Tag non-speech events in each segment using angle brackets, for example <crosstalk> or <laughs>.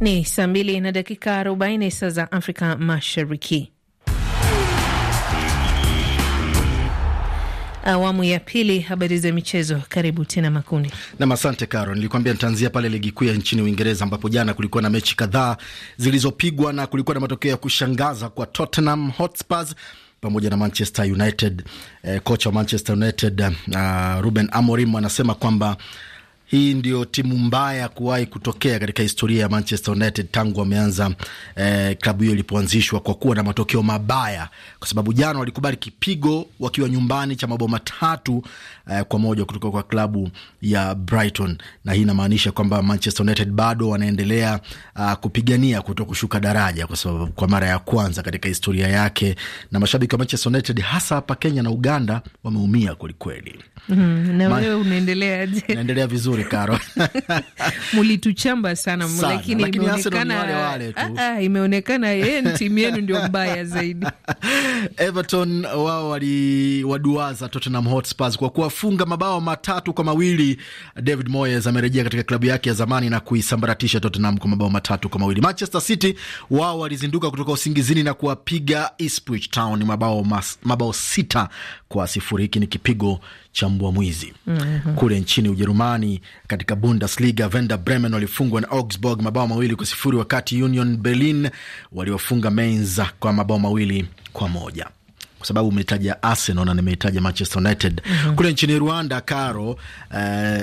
Ni saa mbili na dakika arobaini saa za Afrika Mashariki. Awamu ya pili, habari za michezo. Karibu tena Makundi. Nam, asante Caro. nilikuambia nitaanzia pale ligi kuu ya nchini Uingereza, ambapo jana kulikuwa na mechi kadhaa zilizopigwa na kulikuwa na matokeo ya kushangaza kwa Tottenham Hotspurs pamoja na Manchester United. Eh, kocha wa Manchester United uh, Ruben Amorim anasema kwamba hii ndio timu mbaya kuwahi kutokea katika historia ya Manchester United tangu wameanza eh, klabu hiyo ilipoanzishwa kwa kuwa na matokeo mabaya, kwa sababu jana walikubali kipigo wakiwa nyumbani cha mabao matatu eh, kwa moja kutoka kwa klabu ya Brighton, na hii inamaanisha kwamba Manchester United bado wanaendelea uh, kupigania kuto kushuka daraja, kwa sababu kwa mara ya kwanza katika historia yake, na mashabiki wa Manchester United hasa hapa Kenya na Uganda wameumia kwelikweli. Mm, na wewe unaendeleaje? Naendelea vizuri vizuri Karo. <laughs> Mulituchamba sana, sana, lakini imeonekana ah, ah, imeonekana yeye eh, ni timu yenu ndio mbaya zaidi. <laughs> Everton wao waliwaduaza Tottenham Hotspurs kwa kuwafunga mabao matatu kwa mawili. David Moyes amerejea katika klabu yake ya zamani na kuisambaratisha Tottenham kwa mabao matatu kwa mawili. Manchester City wao walizinduka kutoka usingizini na kuwapiga Ipswich Town mabao, mas, mabao sita kwa sifuri. Hiki ni kipigo cha mbwa mwizi. mm -hmm. Kule nchini Ujerumani katika Bundesliga, Werder Bremen walifungwa na Augsburg mabao mawili kwa sifuri wakati Union Berlin waliofunga Mainz kwa mabao mawili kwa moja kwa sababu umetaja Arsenal na nimeitaja Manchester United. mm -hmm. Kule nchini Rwanda, Karo, uh,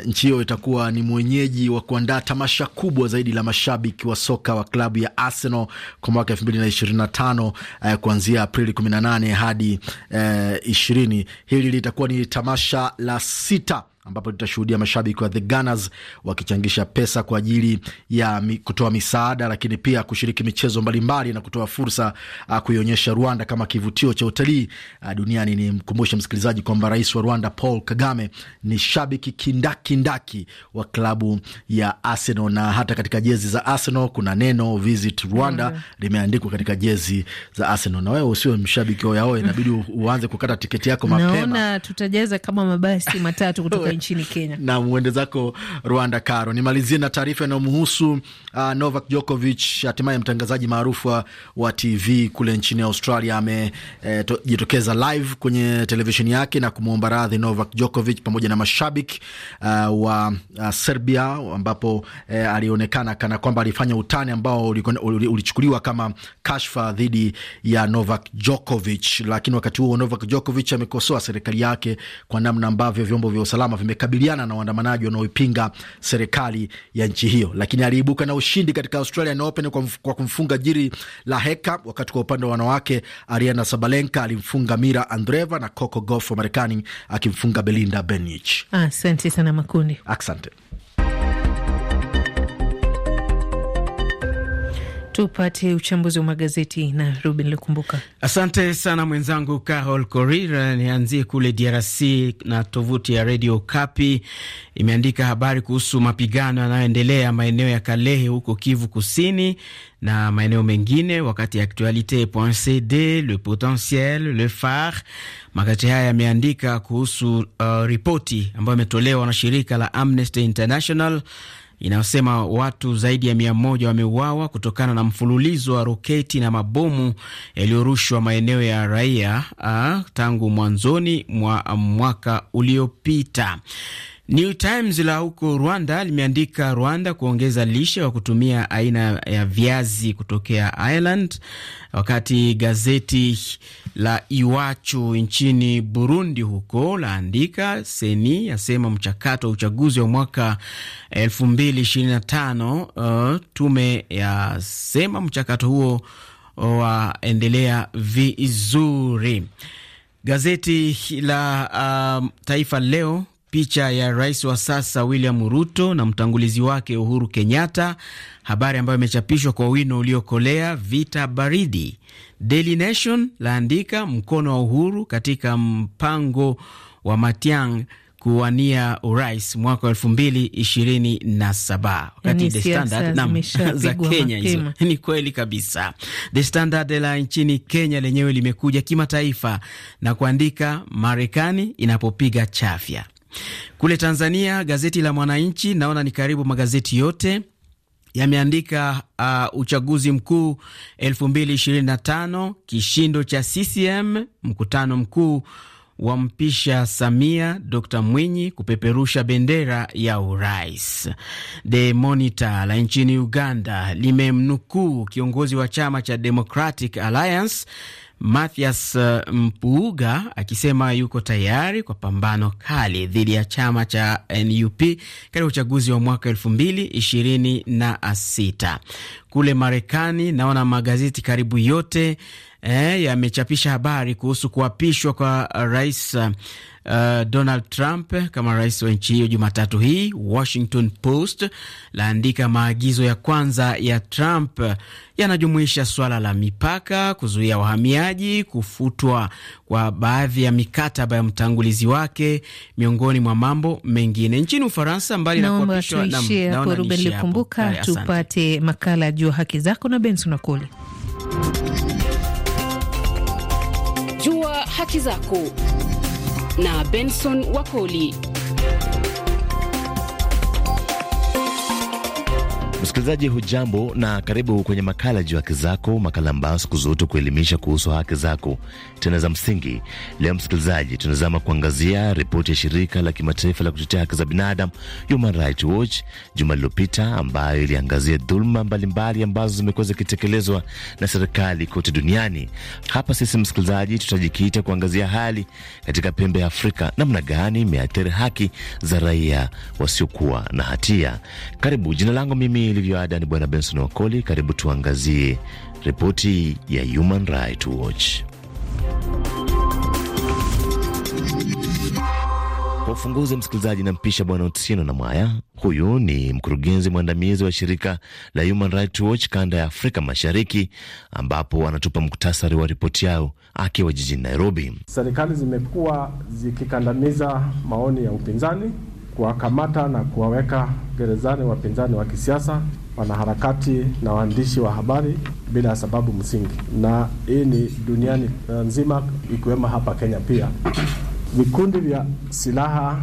nchi hiyo itakuwa ni mwenyeji wa kuandaa tamasha kubwa zaidi la mashabiki wa soka wa klabu ya Arsenal kwa mwaka elfu mbili na ishirini na tano uh, kuanzia Aprili kumi na nane hadi eh, ishirini. hili litakuwa ni tamasha la sita ambapo tutashuhudia mashabiki wa The Gunners wakichangisha pesa kwa ajili ya kutoa misaada, lakini pia kushiriki michezo mbalimbali na kutoa fursa ah, kuionyesha Rwanda kama kivutio cha utalii ah, duniani. Ni mkumbushe msikilizaji kwamba rais wa Rwanda Paul Kagame ni shabiki kindakindaki wa klabu ya Arsenal, na hata katika jezi za Arsenal kuna neno visit Rwanda mm, limeandikwa katika jezi za Arsenal. Na wewe usiwe mshabiki oyaoya, inabidi uanze kukata tiketi yako mapema. Naona tutajaza kama mabasi matatu kutoka <laughs> nchini Kenya. Na uende zako Rwanda, Karo. Nimalizie na taarifa inayomhusu uh, Novak Djokovic. Hatimaye mtangazaji maarufu wa wa TV kule nchini Australia amejitokeza eh, live kwenye televisheni yake na kumwomba radhi Novak Djokovic pamoja na mashabiki uh, wa uh, Serbia ambapo eh, alionekana kana kwamba alifanya utani ambao ulichukuliwa kama kashfa dhidi ya Novak Djokovic, lakini wakati huo Novak Djokovic amekosoa serikali yake kwa namna ambavyo vyombo vya usalama zimekabiliana na waandamanaji wanaoipinga serikali ya nchi hiyo, lakini aliibuka na ushindi katika Australian Open kwa, mf kwa kumfunga jiri la heka. Wakati kwa upande wa wanawake, Ariana Sabalenka alimfunga Mira Andreva na Coco Gauff wa Marekani akimfunga Belinda Bencic. Asante sana Makundi, asante. tupate uchambuzi wa magazeti na Ruben Lukumbuka. Asante sana mwenzangu Carol Korir. Nianzie kule DRC na tovuti ya Radio Kapi imeandika habari kuhusu mapigano yanayoendelea maeneo ya Kalehe huko Kivu Kusini na maeneo mengine, wakati Actualite.cd, Le Potentiel, Le Phare, magazeti haya yameandika kuhusu uh, ripoti ambayo imetolewa na shirika la Amnesty International inayosema watu zaidi ya mia moja wameuawa kutokana na mfululizo wa roketi na mabomu yaliyorushwa maeneo ya raia a, ah, tangu mwanzoni mwa mwaka uliopita. New Times la huko Rwanda limeandika Rwanda kuongeza lishe kwa kutumia aina ya viazi kutokea Ireland, wakati gazeti la Iwachu nchini Burundi huko laandika Seni yasema mchakato wa uchaguzi wa mwaka 2025 uh, tume yasema mchakato huo waendelea vizuri. Gazeti la uh, Taifa Leo picha ya rais wa sasa William Ruto na mtangulizi wake Uhuru Kenyatta, habari ambayo imechapishwa kwa wino uliokolea vita baridi. Daily Nation laandika mkono wa Uhuru katika mpango wa Matiang kuwania urais mwaka wa elfu mbili ishirini na saba wakati yaani The Standard na <laughs> za Kenya hizo <laughs> ni kweli kabisa. The Standard la nchini Kenya lenyewe limekuja kimataifa na kuandika Marekani inapopiga chafya kule Tanzania, gazeti la Mwananchi naona ni karibu magazeti yote yameandika uh, uchaguzi mkuu 2025 kishindo cha CCM, mkutano mkuu wa mpisha Samia, Dr Mwinyi kupeperusha bendera ya urais. The Monitor la nchini Uganda limemnukuu kiongozi wa chama cha Democratic Alliance Mathias eh, Mpuuga akisema yuko tayari kwa pambano kali dhidi ya chama cha NUP katika uchaguzi wa mwaka elfu mbili ishirini na sita kule Marekani naona magazeti karibu yote eh, yamechapisha habari kuhusu kuapishwa kwa rais uh, Donald Trump kama rais wa nchi hiyo Jumatatu hii. Washington Post laandika maagizo ya kwanza ya Trump yanajumuisha swala la mipaka, kuzuia wahamiaji, kufutwa kwa baadhi ya mikataba ya mtangulizi wake, miongoni mwa mambo mengine. Nchini Ufaransa, mbali na kuapishwa, naona tuishie hapo. Ruben Likumbuka, tupate makala juu wa haki zako na Benson Wakoli. Jua haki zako na Benson Wakoli. Msikilizaji hujambo na karibu kwenye makala juu ya haki zako, makala ambayo siku zote kuelimisha kuhusu haki zako tena za msingi. Leo msikilizaji, tunazama kuangazia ripoti ya shirika la kimataifa la kutetea haki za binadamu Human Rights Watch juma lililopita, ambayo iliangazia dhuluma mbalimbali ambazo zimekuwa zikitekelezwa na serikali kote duniani. Hapa sisi msikilizaji, tutajikita kuangazia hali katika pembe ya Afrika, namna gani imeathiri haki za raia wasiokuwa na hatia. Karibu, jina langu mimi ada ni Bwana Benson Wakoli. Karibu tuangazie ripoti ya Human Rights Watch. Kwa ufunguzi, msikilizaji, nampisha Bwana Otsino na Mwaya. Huyu ni mkurugenzi mwandamizi wa shirika la Human Rights Watch kanda ya Afrika Mashariki, ambapo anatupa muktasari wa ripoti yao akiwa jijini Nairobi. Serikali zimekuwa zikikandamiza maoni ya upinzani kuwakamata na kuwaweka gerezani wapinzani wa kisiasa, wanaharakati na waandishi wa habari bila sababu msingi, na hii ni duniani nzima, ikiwemo hapa Kenya pia. Vikundi vya silaha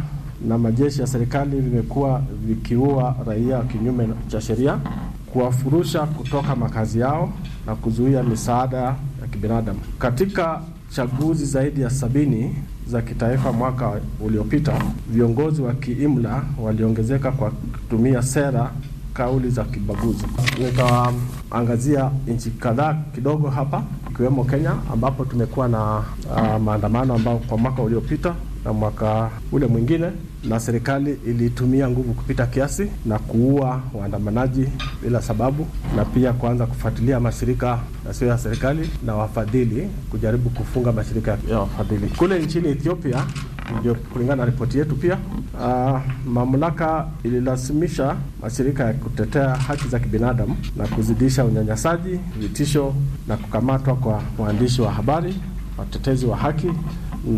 na majeshi ya serikali vimekuwa vikiua raia kinyume cha sheria, kuwafurusha kutoka makazi yao na kuzuia misaada ya kibinadamu. Katika chaguzi zaidi ya sabini za kitaifa mwaka uliopita, viongozi wa kiimla waliongezeka kwa kutumia sera kauli za kibaguzi. Nitaangazia nchi kadhaa kidogo hapa, ikiwemo Kenya ambapo tumekuwa na uh, maandamano ambao kwa mwaka uliopita na mwaka ule mwingine, na serikali ilitumia nguvu kupita kiasi na kuua waandamanaji bila sababu, na pia kuanza kufuatilia mashirika yasiyo ya serikali na wafadhili, kujaribu kufunga mashirika ya wafadhili kule nchini Ethiopia. Ndio, kulingana na ripoti yetu pia, uh, mamlaka ililazimisha mashirika ya kutetea haki za kibinadamu na kuzidisha unyanyasaji, vitisho na kukamatwa kwa waandishi wa habari, watetezi wa haki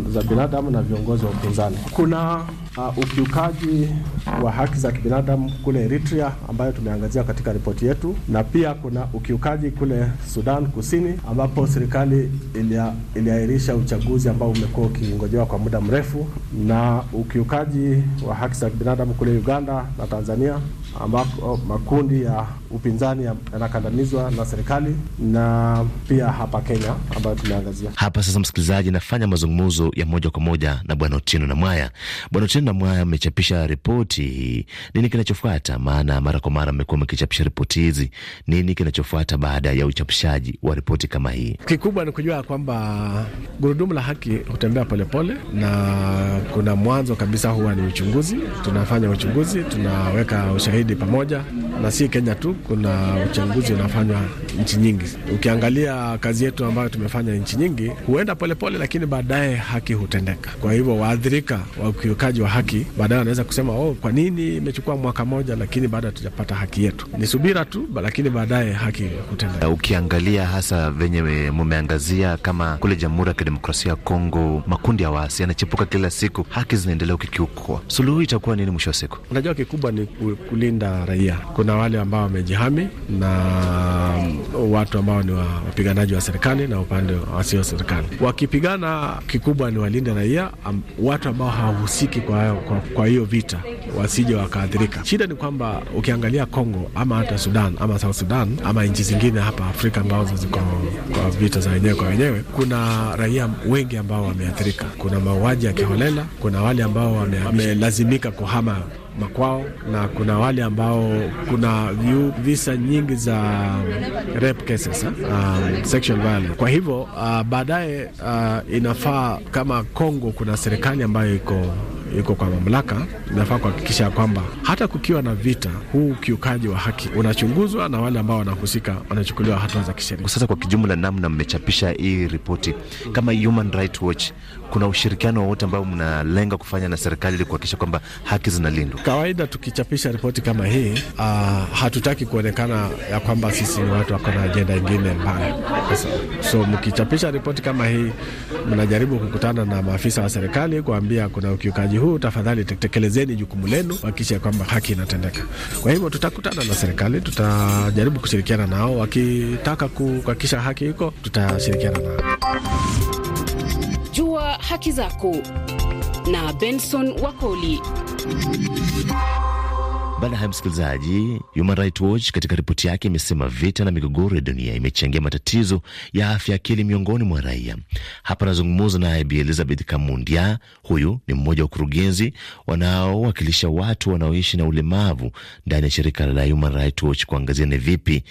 za binadamu na viongozi wa upinzani. Kuna uh, ukiukaji wa haki za kibinadamu kule Eritrea ambayo tumeangazia katika ripoti yetu, na pia kuna ukiukaji kule Sudan Kusini ambapo serikali ilia, iliahirisha uchaguzi ambao umekuwa ukingojewa kwa muda mrefu, na ukiukaji wa haki za kibinadamu kule Uganda na Tanzania ambako oh, makundi ya upinzani yanakandamizwa na serikali na pia hapa Kenya ambayo tumeangazia hapa. Sasa msikilizaji, nafanya mazungumzo ya moja kwa moja na Bwana Otieno na Mwaya. Bwana Otieno na Mwaya, mmechapisha ripoti hii, nini kinachofuata? Maana mara kwa mara amekuwa mkichapisha ripoti hizi, nini kinachofuata baada ya uchapishaji wa ripoti kama hii? Kikubwa ni kujua kwamba gurudumu la haki hutembea polepole na kuna mwanzo kabisa huwa ni uchunguzi. Tunafanya uchunguzi, tunaweka ushahidi ni pamoja na si Kenya tu, kuna uchanguzi unafanywa nchi nyingi. Ukiangalia kazi yetu ambayo tumefanya nchi nyingi, huenda polepole pole, lakini baadaye haki hutendeka. Kwa hivyo waathirika wa ukiukaji wa haki baadaye wanaweza kusema oh, kwa nini imechukua mwaka moja, lakini bado hatujapata haki yetu? Ni subira tu, lakini baadaye haki hutendeka. Ukiangalia hasa venye mumeangazia kama kule Jamhuri ya Kidemokrasia ya Kongo, makundi ya waasi yanachepuka kila siku, haki zinaendelea ukikiukwa, suluhu itakuwa nini mwisho wa siku? Unajua, kikubwa ni kuli kulinda raia. Kuna wale ambao wamejihami na watu ambao ni wapiganaji wa serikali na upande wasio serikali. Wakipigana, kikubwa ni walinde raia, watu ambao hawahusiki kwa, kwa, kwa hiyo vita wasije wakaathirika. Shida ni kwamba ukiangalia Kongo ama hata Sudan ama South Sudan ama nchi zingine hapa Afrika ambazo ziko kwa vita za wenyewe kwa wenyewe, kuna raia wengi ambao wameathirika. Kuna mauaji ya kiholela, kuna wale ambao wamelazimika kuhama makwao, na kuna wale ambao kuna view, visa nyingi za rape cases, uh, sexual violence. Kwa hivyo uh, baadaye uh, inafaa kama Kongo kuna serikali ambayo iko iko kwa mamlaka, inafaa kuhakikisha ya kwamba hata kukiwa na vita, huu ukiukaji wa haki unachunguzwa na wale ambao wanahusika wanachukuliwa hatua za kisheria. Sasa kwa kijumla, namna mmechapisha hii ripoti kama Human Rights Watch, kuna ushirikiano wowote ambao mnalenga kufanya na serikali ili kuhakikisha kwamba haki zinalindwa? Kawaida tukichapisha ripoti kama hii uh, hatutaki kuonekana ya kwamba sisi ni watu wako na ajenda ingine mbaya. So mkichapisha ripoti kama hii, mnajaribu kukutana na maafisa wa serikali kuambia kuna ukiukaji mji huu, tafadhali tekelezeni jukumu lenu kuhakikisha kwamba haki inatendeka. Kwa hivyo tutakutana na serikali, tutajaribu kushirikiana nao, wakitaka kuhakikisha haki iko, tutashirikiana nao. Jua haki zako na Benson Wakoli. Baada ya msikilizaji, Human Rights Watch katika ripoti yake imesema vita na migogoro ya dunia imechangia matatizo ya afya akili miongoni mwa raia. Hapa anazungumuza naye Bi Elizabeth Kamundia. Huyu ni mmoja wa ukurugenzi wanaowakilisha watu wanaoishi na ulemavu ndani ya shirika la Human Rights Watch kuangazia ni vipi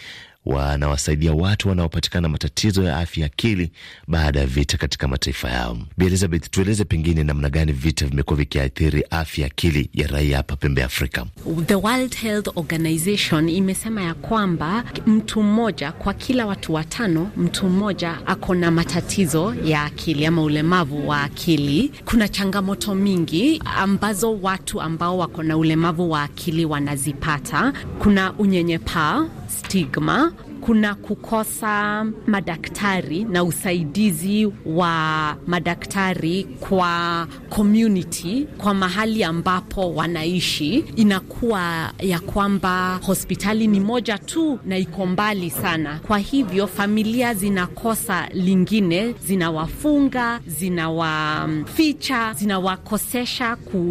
wanawasaidia watu wanaopatikana matatizo ya afya ya akili baada ya vita katika mataifa yao. Bi Elizabeth, tueleze pengine namna gani vita vimekuwa vikiathiri afya ya akili ya raia hapa pembe Afrika. The World Health Organization imesema ya kwamba mtu mmoja kwa kila watu watano, mtu mmoja ako na matatizo ya akili ama ulemavu wa akili. Kuna changamoto mingi ambazo watu ambao wako na ulemavu wa akili wanazipata. Kuna unyenyepaa, stigma kuna kukosa madaktari na usaidizi wa madaktari kwa community, kwa mahali ambapo wanaishi. Inakuwa ya kwamba hospitali ni moja tu na iko mbali sana, kwa hivyo familia zinakosa lingine, zinawafunga, zinawaficha, zinawakosesha ku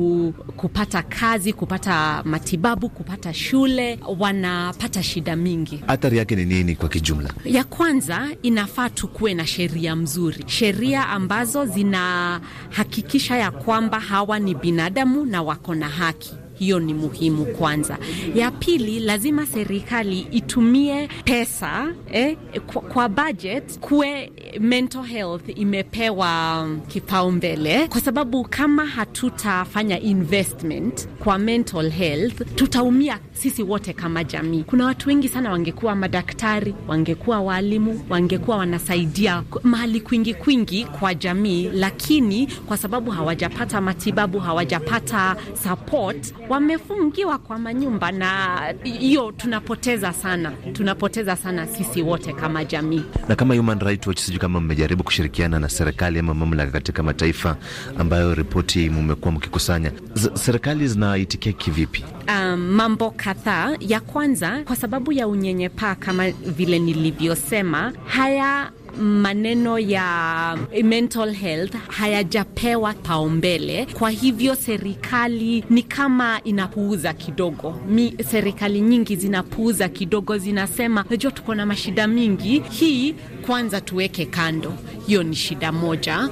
kupata kazi, kupata matibabu, kupata shule, wanapata shida mingi. Athari yake ni nini kwa kijumla? Ya kwanza, inafaa tukuwe na sheria mzuri, sheria ambazo zinahakikisha ya kwamba hawa ni binadamu na wako na haki hiyo ni muhimu kwanza. Ya pili, lazima serikali itumie pesa eh, kwa, kwa budget kuwe mental health imepewa kipaumbele, kwa sababu kama hatutafanya investment kwa mental health tutaumia sisi wote kama jamii. Kuna watu wengi sana wangekuwa madaktari, wangekuwa waalimu, wangekuwa wanasaidia mahali kwingi kwingi kwa jamii, lakini kwa sababu hawajapata matibabu, hawajapata support, wamefungiwa kwa manyumba, na hiyo tunapoteza sana, tunapoteza sana sisi wote kama jamii. Na kama Human Rights Watch, sijui kama mmejaribu kushirikiana na serikali ama mamlaka katika mataifa ambayo ripoti mmekuwa mkikusanya, serikali zinaitikia kivipi? Um, mambo kadhaa. Ya kwanza, kwa sababu ya unyenyepaa, kama vile nilivyosema, haya maneno ya eh, mental health hayajapewa paumbele. Kwa hivyo serikali ni kama inapuuza kidogo. Mi, serikali nyingi zinapuuza kidogo, zinasema najua tuko na mashida mingi, hii kwanza tuweke kando. Hiyo ni shida moja.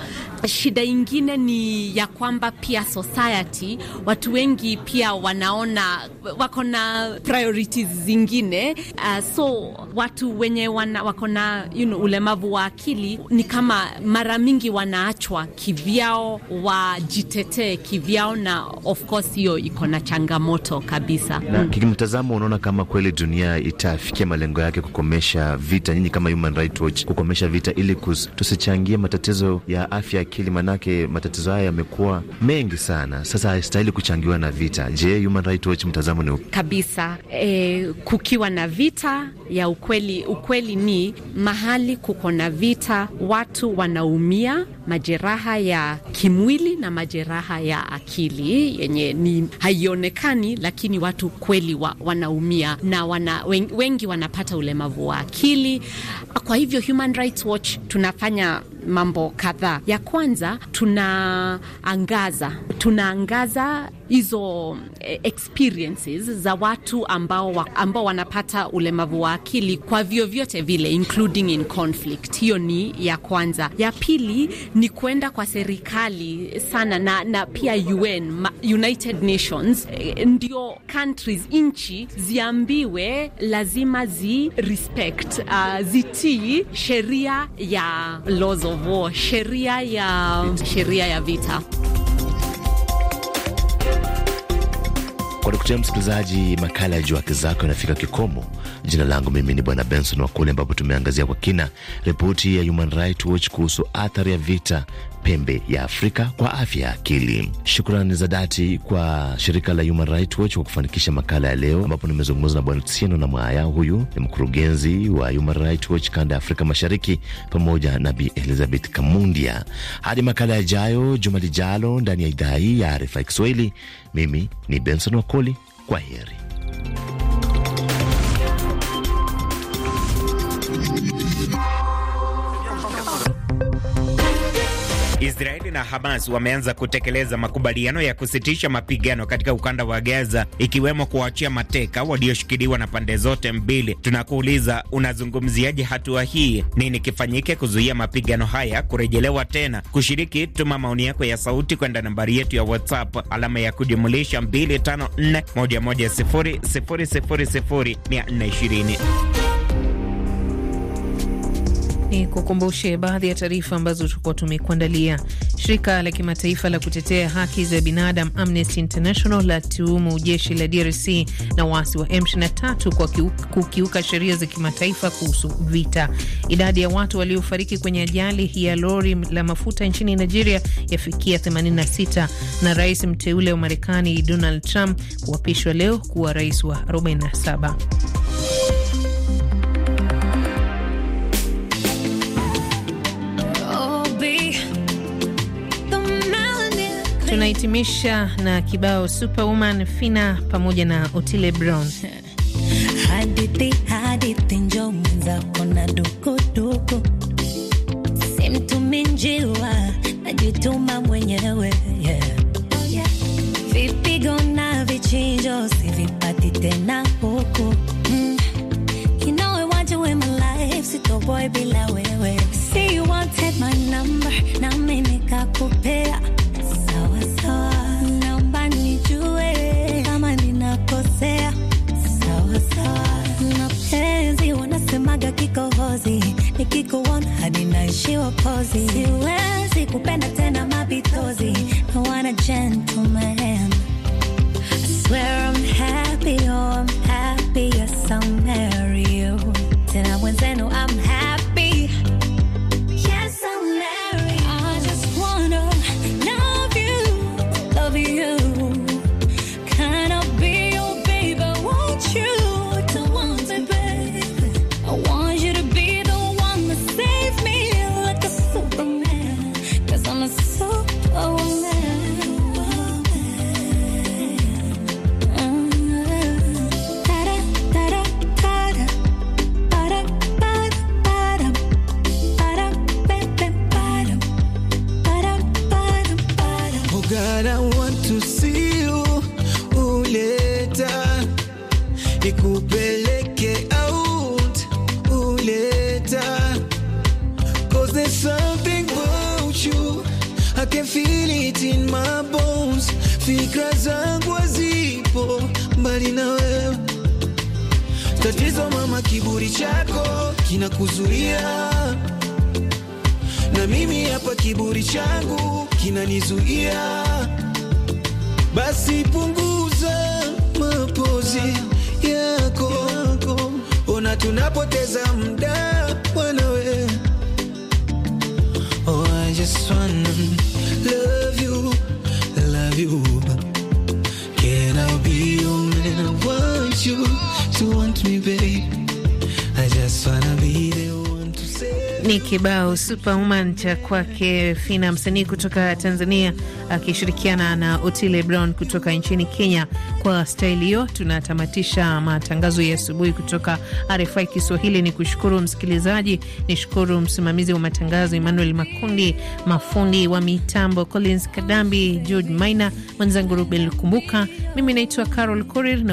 Shida ingine ni ya kwamba pia society, watu wengi pia wanaona wako na priorities zingine. Uh, so watu wenye wako na you know, ulemavu wa akili ni kama mara mingi wanaachwa kivyao, wajitetee kivyao, na of course hiyo iko na changamoto kabisa. Na mm. kimtazamo, unaona kama kweli dunia itafikia malengo yake kukomesha vita, nyinyi kama Human Rights Watch, kukomesha vita ili tusichangie matatizo ya afya akili, manake matatizo haya yamekuwa mengi sana, sasa haistahili kuchangiwa na vita. Je, Human Rights Watch mtazamo ni upi? Kabisa e, kukiwa na vita ya ukweli, ukweli ni mahali kuko na kuna vita, watu wanaumia majeraha ya kimwili na majeraha ya akili yenye ni haionekani, lakini watu kweli wa, wanaumia na wana, wengi wanapata ulemavu wa akili. Kwa hivyo Human Rights Watch tunafanya mambo kadhaa. Ya kwanza tunaangaza tunaangaza hizo eh, experiences za watu ambao, ambao wanapata ulemavu wa akili kwa vyovyote vile including in conflict. Hiyo ni ya kwanza. Ya pili ni kuenda kwa serikali sana na, na pia UN, United Nations, eh, ndio countries nchi ziambiwe lazima zi respect uh, ah, zitii sheria ya lozo of war, sheria ya, sheria ya vita. Kwa kutia msikilizaji, makala ya Jua Haki Zako inafika kikomo. Jina langu mimi ni Bwana Benson kule ambapo tumeangazia kwa kina ripoti ya Human Rights Watch kuhusu athari ya vita pembe ya Afrika kwa afya ya akili. Shukrani za dhati kwa shirika la Human Rights Watch kwa kufanikisha makala ya leo, ambapo nimezungumza na Bwana Tsieno na Mwaya. Huyu ni mkurugenzi wa Human Rights Watch kanda ya Afrika Mashariki, pamoja na Bi Elizabeth Kamundia. Hadi makala yajayo juma lijalo ndani ya idhaa hii ya RFI Kiswahili, mimi ni Benson Wakoli. Kwa heri. Israeli na Hamas wameanza kutekeleza makubaliano ya kusitisha mapigano katika ukanda wa Gaza, ikiwemo kuachia mateka walioshikiliwa na pande zote mbili. Tunakuuliza, unazungumziaje hatua hii? Nini kifanyike kuzuia mapigano haya kurejelewa tena? Kushiriki, tuma maoni yako ya sauti kwenda nambari yetu ya WhatsApp alama ya kujumulisha 254 110 000 420. Ni kukumbushe baadhi ya taarifa ambazo tulikuwa tumekuandalia. Shirika la kimataifa la kutetea haki za binadamu Amnesty International la tuhumu jeshi la DRC na waasi wa M23 kwa kukiuka sheria za kimataifa kuhusu vita. Idadi ya watu waliofariki kwenye ajali ya lori la mafuta nchini Nigeria yafikia 86, na rais mteule wa Marekani Donald Trump kuapishwa leo kuwa rais wa 47. Tunahitimisha na kibao Superwoman Fina pamoja na Otile Brown. Hadithi hadithi, njo mwenzako na dukuduku, si mtumi njiwa, najituma mwenyewe yeah. Yeah. Vipigo na vichinjo sivipati tena huku mm. You know I bila wewe. See you wanted my number, na nami nikakupea kikohozi, nikikuona hadi naishiwa pozi, siwezi kupenda tena I want a gentleman. I swear I'm happy, oh I'm happy nikupeleke out uleta cause there's fikra zangu zipo mbali na wewe tatizo mama kiburi chako kinakuzuia na mimi hapa kiburi changu kinanizuia basi punguza mapozi tunapoteza muda bwana we oh, I just wanna kibao Superwoman cha kwake Fina, msanii kutoka Tanzania akishirikiana na Otile Brown kutoka nchini Kenya. Kwa staili hiyo, tunatamatisha matangazo ya asubuhi kutoka RFI Kiswahili. Ni kushukuru msikilizaji, ni shukuru msimamizi wa matangazo Emmanuel Makundi, mafundi wa mitambo Collins Kadambi, George Maina, mwenzangu Ruben Kumbuka. Mimi naitwa Carol Korir.